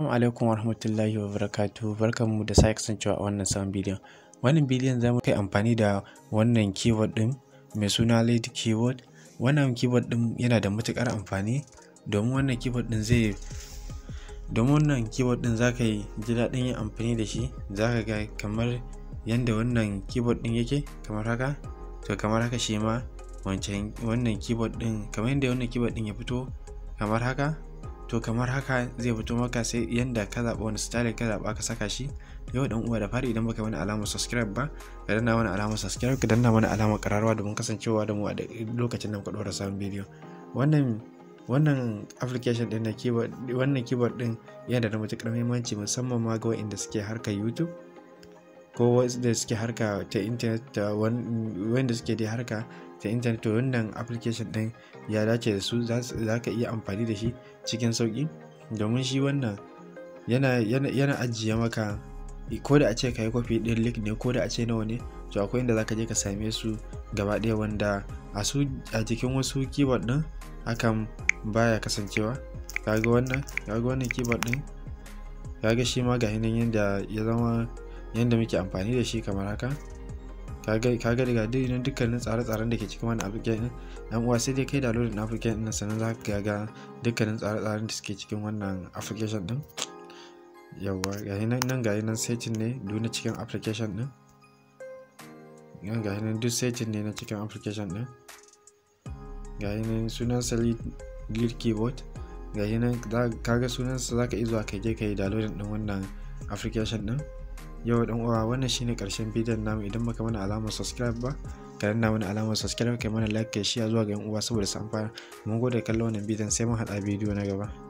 Assalamu alaikum warahmatullahi wabarakatuh barkanmu da sake kasancewa a wannan sabon bidiyon. Wannan bidiyon za mu kai amfani da wannan keyword din mai suna lady keyword. Wannan keyword din yana da matukar amfani domin wannan keyword din zai domin wannan keyword din zaka yi ji daɗin yin amfani da shi zaka ga kamar yanda wannan keyword din yake kamar haka to kamar haka shi ma wancan wannan keyboard din kamar yadda wannan keyboard din ya fito kamar haka to kamar haka zai fito maka sai yanda ka zaɓa wani style ka zaɓa ka saka shi yau dan uwa da fari idan baka wani alamar subscribe ba ka danna wani alamar subscribe ka danna wani alamar kararwa domin kasancewa da mu a lokacin da muka ɗora sabon bidiyo wannan wannan application din na keyboard wannan keyboard din yana da matuƙar muhimmanci musamman ma ga waɗanda suke harkar YouTube ko wanda suke harka ta intanet da wanda suke dai harka ta intanet to wannan application din ya dace da su za ka iya amfani da shi cikin sauki domin shi wannan yana ajiye maka ko da a ce ka yi kwafi ɗin link ne ko da a ce nawa ne to akwai inda za ka je ka same su gaba ɗaya wanda a su a jikin wasu keyboard ɗin hakan baya kasancewa kaga wannan wannan keyboard ɗin ga shi ma ga yanayin yadda ya zama yadda muke amfani da shi kamar haka ka ga daga dukkanin dukkanin tsare-tsaren da ke cikin wani application din dan uwa sai dai kai da loading application din sannan za ka ga dukkanin tsare-tsaren da suke cikin wannan application din yawwa gayi nan nan gayi nan setting ne duk na cikin application din nan gayi nan duk setting ne na cikin application din gayi nan sunan sali lead keyboard gayi nan ka ga sunan sa zaka iya zuwa kai je kai lodin din wannan application din yau dan uwa wannan shine karshen bidiyon namu idan baka mana alamar subscribe ba ka danna mana alamar subscribe kai mana like kai share zuwa ga yan uwa saboda su amfana mun gode kallon wannan bidiyon sai mun hada bidiyo na gaba